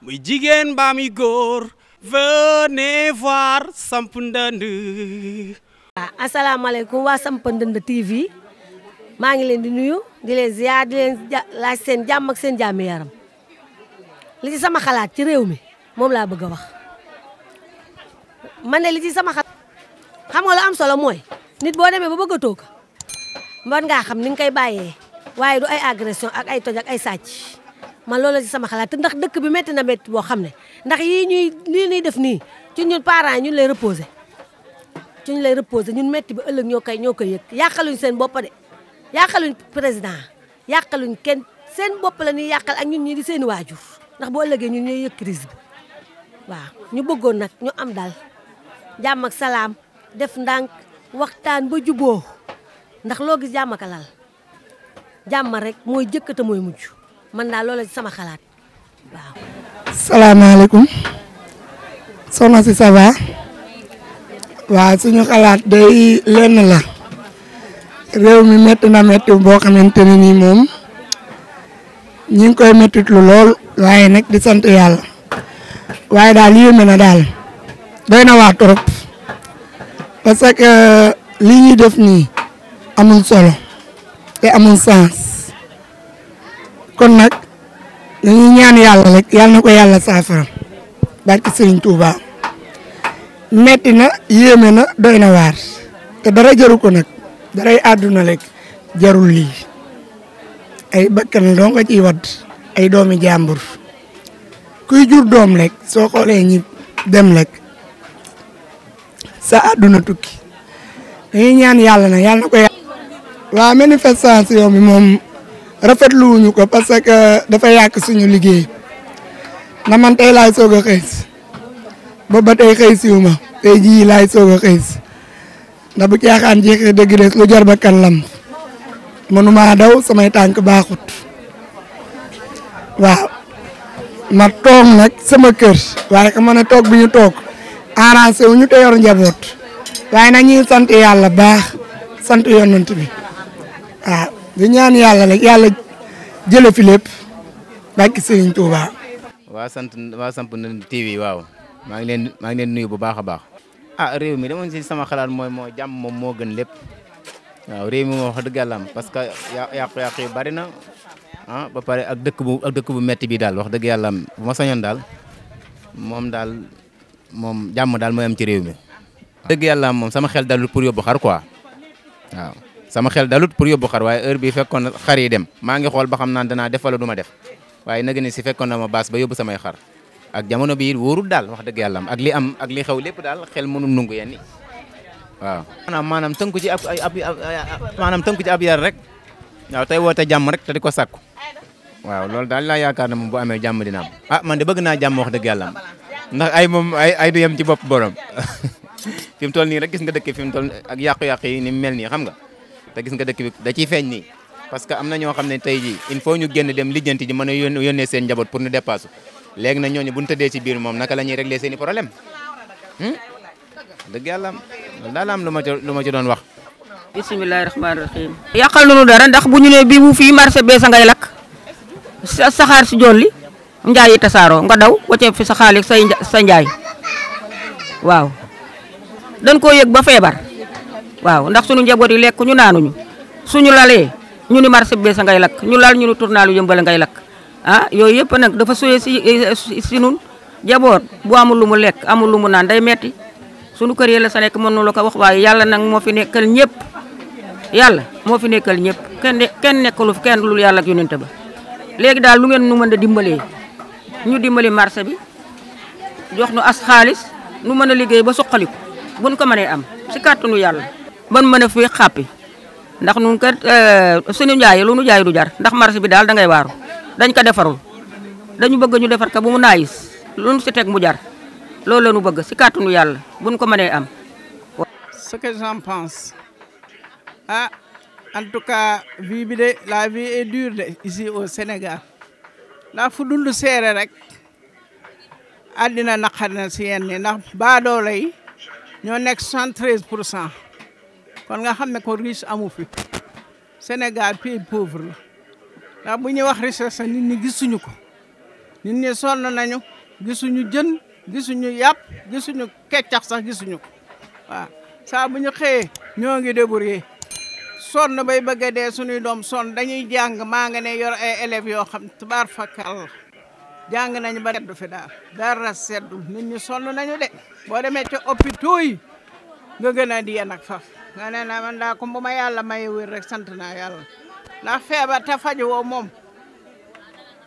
muy jigéen mbaa muy góor venez voir samp ndënd waaw ah, asalaamaaleykum waa samp ndënd TV maa ngi leen di nuyu di leen ziar di leen laaj seen jàmm ak seen jàmmi yaram li sama xalaat ci réew mi moom laa bëgg a wax man ne li ci sama xalaat xam nga lu am solo mooy nit boo demee ba bëgg a toog mën ngaa xam ni nga koy bàyyee waaye du ay agression ak ay toj ay sàcc ma loolu la sama xalaat te ndax dëkk bi métti na métti boo xam ne ndax yii ñuy lii ñuy def nii ci ñun parents ñun lay reposé ci ñu lay reposé ñun métti bi ëllëg ñoo koy ñoo koy yëg yàqaluñ seen bopp de yàqaluñ président yàqaluñ kenn seen bopp la ñuy yàqal ak ñun ñi di seen waajur ndax boo ëllëgee ñun ñooy yëg crise bi waaw ñu bëggoon nag ñu am daal jàmm ak salaam def ndànk waxtaan ba juboo ndax loo gis jàmm ak lal jàmm rek mooy jëkk te mooy mujj man daal loola sama xalaat waaw. salaamaaleykum soxna si ça waaw suñu xalaat day lenn la réew mi métti na métti boo xamante ne nii moom ñi ngi koy méttit lu lool waaye nekk di sant yàlla waaye daal yéeme na daal doy na waa trop parce que euh, li ñuy def nii amul solo te amul sens. kon nag dañuy ñaan yàlla rek yàlla na ko yàlla saafara barke Serigne Touba metti na yéeme na doy na waar te dara jaru ko nag daray àdduna rek jarul lii ay bakkan doo nga ciy wadd ay doomi jàmbur kuy jur doom rek soo xoolee ñi dem rek sa àdduna tukki dañuy ñaan yàlla na yàlla ko yàlla waa manifestation bi moom rafetluwuñu ko parce que dafa yàq suñu liggéey na man tey laay soog a xëy ba ba tey xëy siwu ma tey jii laay soog a xëy si ndax bu caaxaan jeexee dëgg des lu kan lam mënuma daw samay tànk baaxut waaw ma toog na sama kër waaye xam ne toog bu ñu toog arrangé wu ñu te yor njaboot waaye nag ñuy sant yàlla baax sant yonent bi waaw. di ñaan yàlla nag yàlla jële fi lépp bàkki Serigne Touba. waa sant waa samp na TV waaw maa ngi leen maa ngi nuyu bu baax a baax. a ah, réew mi dama si sama xalaat mooy moo jàmm moom moo gën lépp waaw réew mi moo wax dëgg yàlla parce que yàqu-yàqu yu bari na ah ba pare ak dëkk bu dëkk bu metti bi daal wax dëgg yàlla bu ma daal moom daal moom jàmm daal mooy am ci réew mi. dëgg yàlla moom sama xel dalul pour yóbbu xar quoi sama xel dalut pour yóbbu xar waaye heure bi fekkoon xar yi dem maa ngi xool ba xam naan danaa def wala du ma def waaye nag ni si fekkoon na ma baas ba yóbbu samay xar ak jamono bi wóorul daal wax dëgg yàlla ak li am ak li xew lépp daal xel mënul nungu yenn yi waaw. maanaam maanaam tënku ci ab ab maanaam tënku ci ab yar rek waaw tey woote jàmm rek te di ko sàkku waaw loolu daal laa yaakaar ne moom bu amee jàmm dina am ah man de bëgg naa jàmm wax dëgg yàlla ndax ay moom ay du yem ci bopp borom fi te gis nga dëkk bi da ciy feeñ nii parce que am na ñoo xam ne tey jii il faut ñu génn dem lijjanti ji mën a yónnee seen njaboot pour ñu dépassu léegi nag ñooñu bu ñu tëddee ci biir moom naka la ñuy régler seen problème hmm? dëgg yàlla daal ma ci lu ma ci doon wax. bisimilah rahmaani rahiim. yàqal nañu dara ndax bu ñu nee bii bu fii marché bee sa ngay lakk sa saxaar si jolli njaay yi tasaaroo nga daw wacce fi sa xaalis sa njaay waaw dañ koo yëg ba feebar. waaw ndax suñu njaboot yi lekk ñu naanuñu su ñu lalee ñu ni marché bees ngay lakk ñu lal ñu ni tournalu yëmbale ngay lakk ah yooyu yëpp nag dafa soyee si eh, si nun jaboot bu amul lu mu lekk amul lu mu naan day metti suñu kër yi la sa nekk mën nu la ko wax waaye yàlla nag moo fi nekkal ñëpp yàlla moo fi nekkal ñëpp kenn kenn nekkalu fi kenn lu yàlla ak yonent ba léegi daal lu ngeen nu mën a dimbalee ñu dimbali marché bi jox nu as xaalis nu mën a liggéey ba suqaliku buñ ko mënee am si kàttanu yàlla ban mën a fi xàppi ndax nun kat eh, suñu njaay lu nu jaay du jar ndax marché bi daal da ngay waaru dañ ko defarul dañu bëgg ñu defar ka bu mu naayis lu nu si teg mu jar loolu la ñu bëgg si kàttanu yàlla buñ ko mënee am. ce que j'en pense ah en tout cas vie bi de la vie est dure de ici au Sénégal ndax fu dund seere rek àddina naqar na si yenn ndax baadoolo yi ñoo nekk 73 pour cent. kon nga xam ne ko riche amu fi Sénégal pays pauvre la ndax bu ñuy wax sa nit ñi gisuñu ko nit ñi sonn nañu gisuñu jën gisuñu yàpp gisuñu keccax sax gisuñu ko waaw saa bu ñu xëyee ñoo ngi débrouillé sonn bay bëgg a dee suñuy doom sonn dañuy jàng maa nga ne yor ay élèves yoo xam tubaar fakal jàng nañu ba seddu fi daal dara seddu nit ñi sonn nañu de boo demee ca hôpitaux yi nga gën a di ak faf nga ne naa man daa ko ma yàlla may wér rek sant naa yàlla ndax feebar te faju woo moom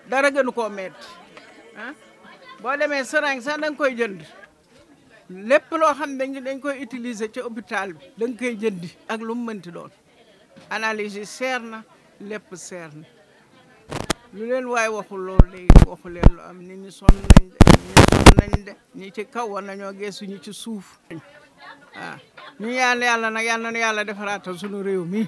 dara gënu koo met ah boo demee seringue sax danga koy jënd lépp loo xam ne dañ koy utiliser ci hôpital bi danga koy jëndi ak lu mu mënti doon analyse yi seer na lépp seer na lu leen waaye waxul loolu léegi waxu am nit ñi sonn nañ de ñi ci kaw war nañoo geesu ñi ci suuf waaw ñu ñaan yàlla nag yal na yàlla defaraatal sunu réew mi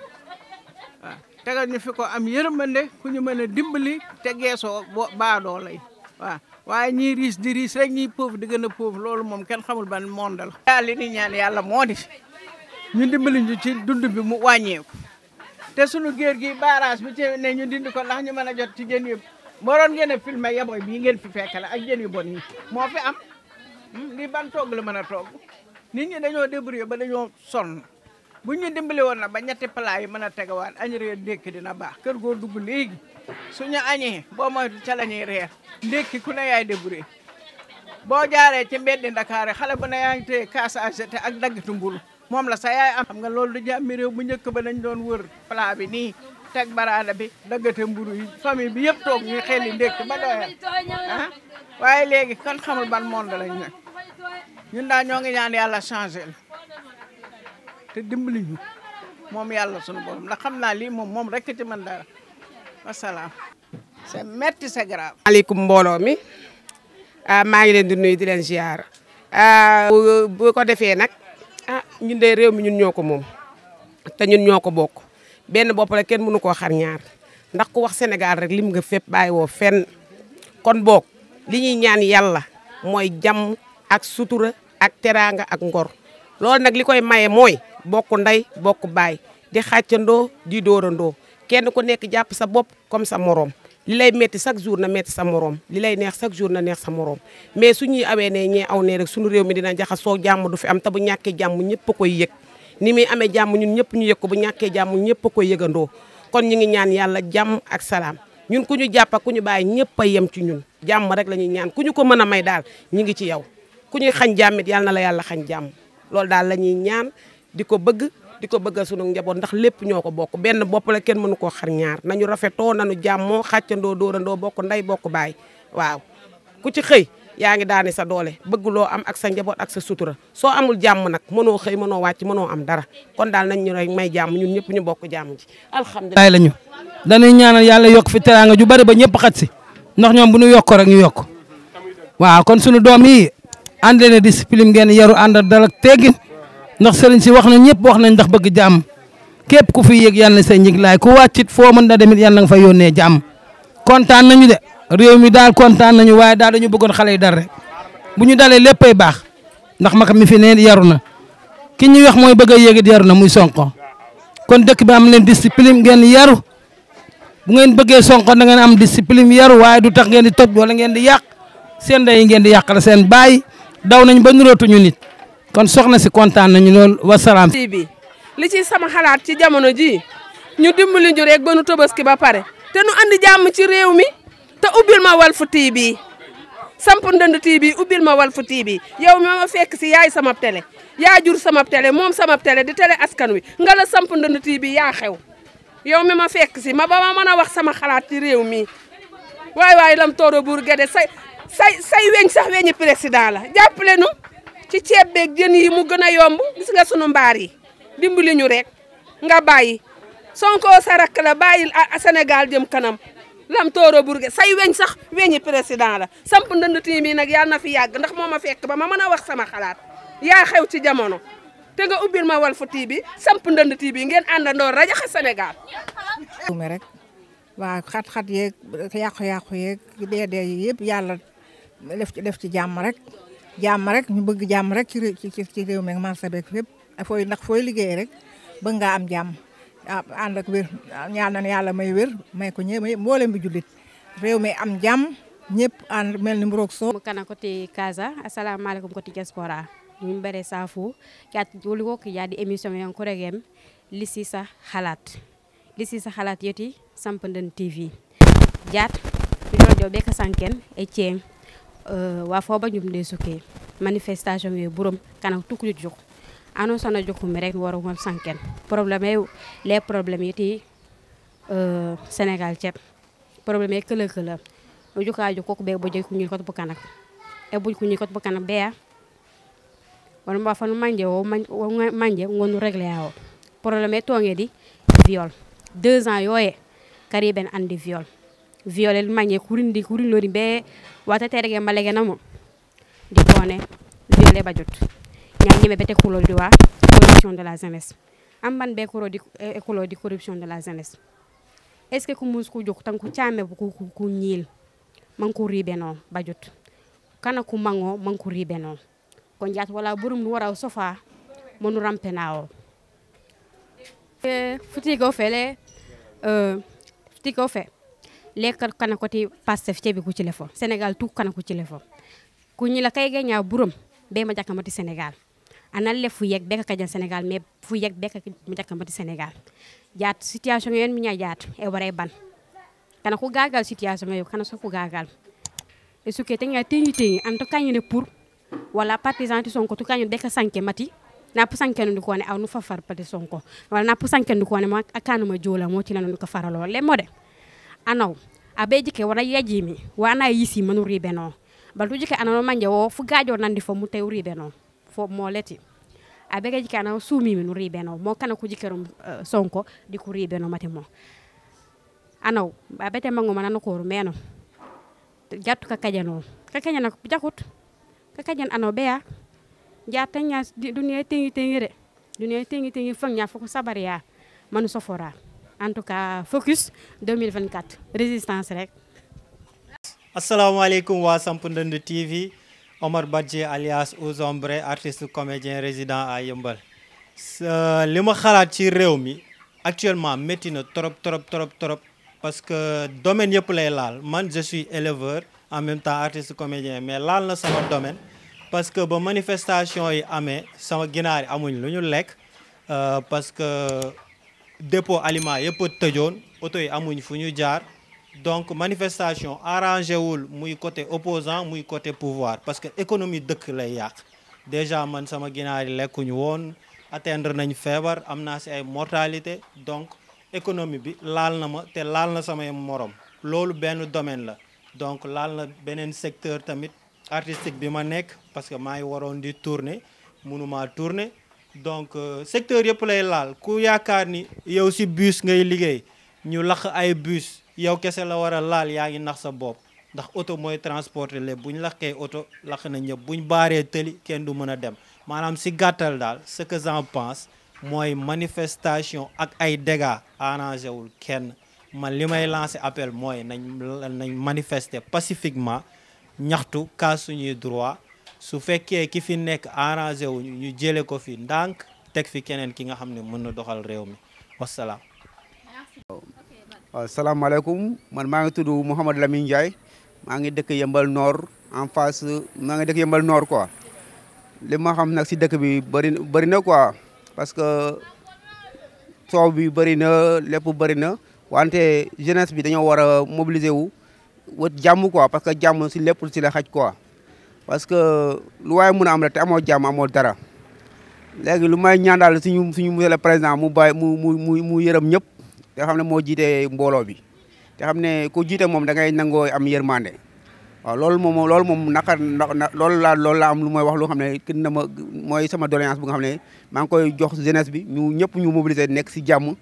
waaw tegal ñu fi ko am yërmande ku ñu mën a dimbali te geesoo baadoo lay waaw waaye ñii riis di riis rek ñii pauvre di gën a pauvre loolu moom kenn xamul ban monde la. daal li yàlla moo di ñu dimbali ñu ci dund bi mu wàññeeku te sunu géer gi barrage bi ci ne ñu dindi ko ndax ñu mën a jot ci jën yëpp moo doon ngeen bii ngeen fi fekkale ak jën yu bon yi moo fi am hmm, li ban toog la mën a togg. nit ñi dañoo débrouillé ba ñoo sonn bu ñu dimbali woon na ba ñetti plat yi mën a tegawaat añ reer ndékki dina baax kër góor dugg léegi suñu añee boo moytu ca reer ndékki ku ne yaay débrouillé boo jaaree ci mbeddi ndakaari xale bu na yaa ngi téye kaas à ak daggitu mburu moom la sa yaay am xam nga loolu du jàmmi réew bu njëkk ba nañ doon wër plat bi nii teg baraada bi daggate mburu yi famille bi yëpp ñu ñuy xel li ndékki ba doyal ah waaye léegi kan xamul ban ñun daa ñoo ngi ñaan yàlla changé te dimbali ñu moom yàlla sunu borom ndax xam naa lii moom moom rek ci man dara wasalaam. c'est metti c'est grave. maaleykum mbooloo mi ah, maa ngi leen di nuyu di leen ziar. Ah, bu ko defee nag a ah, ñun de réew mi ñun ñoo ko moom te ñun ñoo ko bokk benn bopp la kenn mënu koo xar ñaar ndax ku wax Sénégal rek lim nga fépp bàyyi woo fenn kon boog li ñuy ñaan yàlla mooy jàmm ak sutura ak teraanga ak ngor loolu nag li koy maye mooy bokk ndey bokk baay di xàccandoo di dóorandoo kenn ku nekk jàpp sa bopp comme sa moroom li lay metti chaque jour na metti sa moroom li lay neex chaque jour na neex sa moroom mais suñuy awee ne ñee aw ne rek suñu réew mi dina jaxasoo jàmm du fi am te bu ñàkkee jàmm ñëpp a koy yëg amee jàmm ñun ñëpp ñu yëg ko bu ñàkkee jàmm ñëpp koy yëgandoo kon ñu ngi ñaan yàlla jàmm ak salaam ñun ku ñu jàpp ak ku ñu bàyyi ñëpp a yem ci ñun jàmm rek la ñuy ñaan ku ñu ko mën a may daal ñu ngi ci yow ku ñuy xañ jàmmit yàlla na la yàlla xañ jàmm loolu daal la ñuy ñaan di ko bëgg di ko bëgg sunu njaboot ndax lépp ñoo ko bokk benn bopp la kenn mënu koo xar ñaar nañu rafetoo nañu jàmmoo xàccandoo dóorandoo bokk nday bokk baay waaw ku ci xëy yaa ngi daane sa doole bëgg loo am ak sa njaboot ak sa sutura soo amul jàmm nag mënoo xëy mënoo wàcc mënoo am dara kon daal nañ ñu ray may jàmm ñun ñëpp ñu bokk jàmm ji alhamdulilah lañu dañuy ñaanal yàlla yokk fi teraanga ju bari ba ñëpp xat si ndax ñoom bu ñu yokk rek ñu yokk waaw kon ànd leen discipline ngeen yaru ànd dal ak ndax sëriñ si wax na ñëpp wax nañ ndax bëgg jàmm képp ku fi yéeg yàlla sa njig laay ku wàccit foo mën na demit yàlla nga fa yónnee jàmm kontaan nañu de réew mi daal kontaan nañu waaye daal dañu bëggoon xale yi dal rek bu ñu dalee léppay baax ndax maka mi fi ne yaru na ki ñuy wex mooy bëgg a yéegit yaru na muy sonko kon dëkk bi am leen discipline ngeen yaru bu ngeen bëggee sonko da ngeen am discipline yaru waaye du tax ngeen di toj wala ngeen di yàq seen ndey ngeen di seen baay daw nañ ba nurootuñu nit kon soxna si kontaan nañu lool wasalaam. bi li ci sama xalaat ci jamono ji ñu dimbali ñu rek ba nu Tabaski ba pare te nu andi jàmm ci réew mi te ubbil ma Walf TV samp ndënd TV ubbil ma wal Walf TV yow mi ma fekk si yaay sama télé yaa jur sama tele moom sama tele di tele askan wi nga la samp ndënd TV yaa xew yow mi ma fekk si ma ba ma mën a wax sama xalaat ci réew mi waay waay lam tooro buur gede say say say weñ sax weñi président la jàppale nu ci ceeb beeg jën yi mu gën a yomb gis nga sunu mbaar yi dimbali ñu rek nga bàyyi Sonko sa rakk la bàyyil senegal jëm kanam lam tooro burge say weñ sax weñi président la samp ndënd tiimi nag yàlla na fi yàgg ndax moo ma fekk ba ma mën a wax sama xalaat yaa xew ci jamono te nga ubbil ma Walf TV samp ndënd TV ngeen àndandoo rajo Sénégal. rek waa xat-xat yeeg yàqu-yàqu yeeg dee dee yi yàlla. def ci def ci jàmm rek jàmm rek ñu bëgg jàmm rek ci ci réew mi ak marché beeg fépp fooy ndax fooy liggéey rek bëgg ngaa am jàmm ah, ànd ak wér ah, ñaan nañu yàlla may wér may ko ñëw mboole mboolem bi jullit réew mi am jàmm ñëpp ànd mel ni mburoog soo kana koti Kaza asalaamaaleykum koti diaspora min mbere safo ƴat woli ko yaadi émission yon koregem lisisa halat lisisa halat yeti sampanden tv jat ka sanken e Euh, waafoo ba ñum nde sukee manifestation ye burom kana tukkuƴo jok ano sana jokume rek waro mam sanken probléme ye les probléme yeti euh, sénégal ceeb probléme ye këlë këlë o joka jok kok ɓe bo jeg kuñin kot bo kanak e buj kuñin kot bo kanak ɓeya wono mba fanu manje wo manje ngonu réglé a o probléme ye toŋedi viol deux ans yooye kari ben andi viol violel mange kurin di kurin lori be wata terege malege namo di kone viole bajut nyanye be bete kulo diwa corruption de la jeunesse amban be kuro di eh, corruption de la jeunesse est ce que ku mus tan ku chame man ku bajut kana ku man ku ribe no ko njat wala wara sofa monu rampenao e eh, futi ko euh eh, futi ko lekkal kana koti pastef ceeɓi kucile fo sénégal tu kana kucile fo kuñila kay ñaaw burom be ma jakkamati sénégal anan le fu yek beka kajan sénégal mais fu yek beka ma jakkamati sénégal jaat situation yon miña jaat e wara ban kana ku gagal situation yo kana so ku gagal e suke tenga teñi teñi an to kañine pour wala partisan ti sonko tu kañu beka na mati napu sankendu kone aw nu fa far pati sonko wala napu sankendu kone ma akanuma jola ci lanu ko faralo le anaw abeejike wona yajimi wana yisima no riibe noon batu jike anano manje wo fu nandi fo mu tew fo mo leti abege jike anano suumimi no eh, riibe noon mo sonko di ko riibe no anaw abete mango manano koru meno jattu ka kaja noon ka kaja na jakut ka kajan ano beya jata nya duniya tengi tengi re duniya tengi tengi fang en tout cas focus 2024 résistance rek. asalaamaaleykum waa Samp Ndënd TV Omar Badji alias Ouzombre artiste comédien résident à Yeumbeul. li ma xalaat ci réew mi actuellement métti na trop trop trop trop parce que domaine yëpp lay laal man je suis éleveur en même temps artiste comédien mais laal na sama domaine. parce que ba manifestation yi amee sama ginaar yi amuñ lu ñu lekk euh, parce que. dépôt aliment yëpp a tëjoon oto yi amuñ fu ñu jaar donc manifestation arrangé wul muy côté opposant muy côté pouvoir parce que économie dëkk lay yàq déjà man sama ginaar yi lekkuñu woon atteindre nañu feebar am naa si ay mortalité donc économie bi laal na ma te laal na samay morom loolu benn domaine la donc laal na beneen secteur tamit artistique bi ma nekk parce que maa ngi waroon di tourner mënumaa tourner donc euh, secteur yëpp lay laal ku yaakaar ni yow si buus ngay liggéey ñu lax ay bus yow kese la war a laal yaa ngi nax sa bopp ndax oto mooy transporter lépp bu ñu laqee oto laq na ñëpp bu ñu baaree tëli kenn du mën a dem maanaam si gàttal daal ce que j'en pense mooy manifestation ak ay dégâts arrangé wul kenn man li may lancé appel mooy nañ nañ manifester pacifiquement ñaxtu kaas suñuy droit su fekkee ki fi nekk arrangé wu ñu jële ko fi ndànk teg fi keneen ki nga xam ne mën na doxal réew mi wasalaam. waaw salaamaaleykum man maa ngi tudd Mouhamed Lamine Ndiaye maa ngi dëkk Yëmbal noor en face maa ngi dëkk Yëmbal noor quoi li ma xam nag si dëkk bi bëri bëri na quoi parce que soow bi bëri na lépp bëri na wante jeunesse bi dañoo war a mobiliser wu wut jàmm quoi parce que jàmm si lépp si la xaj quoi. parce que lu waaye mun a am rek te amoo jàmm amoo dara léegi lu may ñaan daal suñu suñu monsieur le président mu bàyyi mu mu mu mu yërëm ñëpp te xam ne moo jiite mbooloo bi te xam ne ku jiite moom da ngay nangoo am yërmande waaw loolu moom loolu moom naqar loolu laa loolu laa am lu may wax loo xam ne kin na ma mooy sama doléance bu nga xam ne maa ngi koy jox jeunesse bi ñu ñëpp ñu mobiliser nekk si jàmm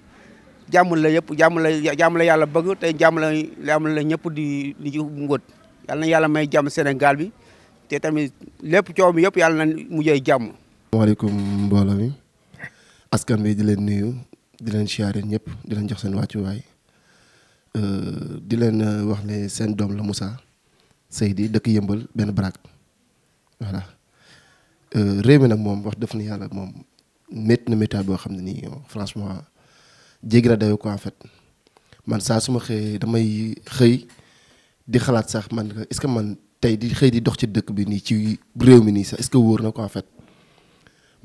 jàmm la yëpp jàmm la jàmm la yàlla bëgg te jàmm la jàmm la ñëpp di di ngóot yàlla na yàlla may jàmm Sénégal bi te tamit lépp coow mi yëpp yàlla na mujjee jàmm. asalaamaaleykum mbooloo mi askan bi di leen nuyu di leen siyaare ñëpp di leen jox seen wàccuwaay euh, di leen euh, wax ne seen doom la Moussa Seydi dëkk yëmbal benn baraak voilà euh, réew mi nag moom wax dëgg fa yàlla moom métti na métti boo xam ne nii franchement jéggi na dayoo ko en fait man saa su ma xëyee damay xëy di xalaat sax man est-ce man. tey di xëy di dox ci dëkk bi nii ci réew mi nii sax est que wóor na ko en fait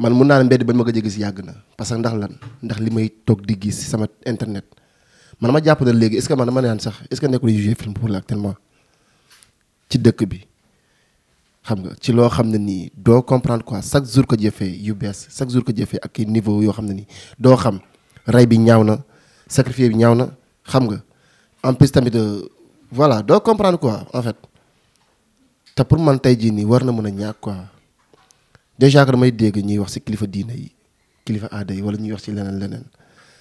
man mun naa ne mbedd bañ ma gëj a si yàgg na parce que ndax lan ndax li may toog di gis sama internet man ma jàpp na léegi est-ce que man ma naan sax est-ce que nekkul jugé film pour la actuellement ci dëkk bi xam nga ci loo xam ne nii doo comprendre quoi chaque jour que jëfee yu bees chaque jour que jëfee ak niveau yoo xam ne nii doo xam rey bi ñaaw na sacrifice bi ñaaw na xam nga en plus tamit euh, voilà doo comprendre quoi en fait. te pour man tey jii nii war na mën a ñàkk quoi déjà que damay dégg ñuy wax ci kilifa diina yi kilifa aada yi wala ñuy wax ci leneen leneen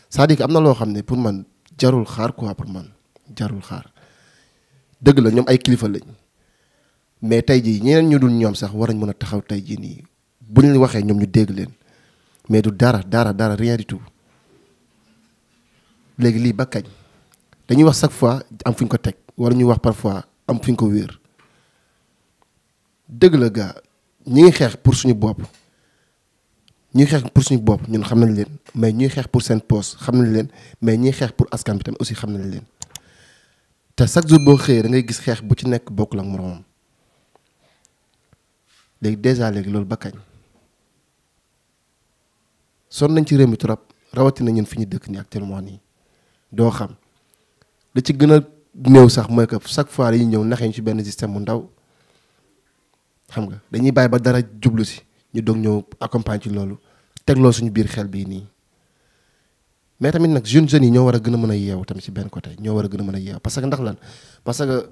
cest à am na loo xam ne pour man jarul xaar quoi pour man jarul xaar dëgg la ñoom ay kilifa lañ mais tey jii ñeneen ñu dul ñoom sax war nañ mën a taxaw tey jii nii bu la waxee ñoom ñu dégg leen mais du dara dara dara rien du tout léegi lii ba kañ dañuy wax chaque fois am fu ñu ko teg wala ñuy wax parfois am fu ko wéer. dëgg la gaa ñi ngi xeex pour suñu bopp ñuy xeex pour suñu bopp ñun xam nañ leen mais ñuy xeex pour seen poste xam nañ leen mais ñuy xeex pour askan bi tamit aussi xam nañ leen te chaque jour boo xëyee da ngay gis xeex bu ci nekk bokkul ak moroomam léegi déjà léegi loolu ba kañ son nañ ci réew mi trop rawatina ñun fi ñu dëkk nii actuellement nii doo xam li ci gën a néew sax mooy que chaque fois yi ñëw naxee ñu ci benn système mu ndaw. xam nga dañuy bàyyi ba dara jublu si ñu doog ñëw accompagne ci loolu teg loolu suñu biir xel bii nii mais tamit nag jeunes jeunes yi ñoo war a gën a mën a yeew tamit si benn côté ñoo war gën a mën a parce que ndax lan parce que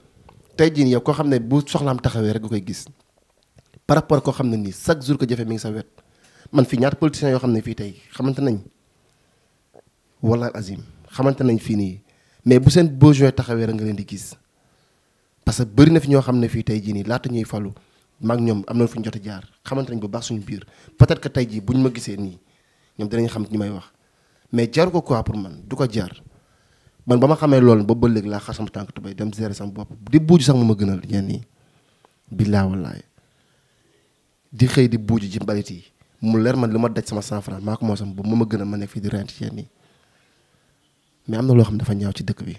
tey jii yow koo xam ne bu soxlaam taxawee rek nga koy gis par rapport koo xam ne nii chaque jour ko jafe mi ngi sa wet man fii ñaata politiciens yoo xam ne fii tey xamante nañ wala azim xamante nañ fii nii mais bu seen besoin taxawee rek nga leen di gis parce que bari na fi ñoo xam ne fii tey jii nii laata ñuy falu maag ñoom am na fu ñu jot jaar xamante nañ bu baax suñu biir peut-être que tey jii buñ ma gisee nii ñoom dinañ xam ñu may wax mais jaru ko quoi pour man du ko jaar man ba ma xamee loolu ba ba léegi laa xar sama tànk tubay dem gérer sama bopp di buuj sax mu ma gënal yenn yi billaa wallaay di xëy di buuj ji mbalit yi mu leer man li ma daj sama cent maa ko moo sax bu ma ma gënal ma nekk fii di rent yenn yi mais am na loo xam dafa ñaaw ci dëkk bi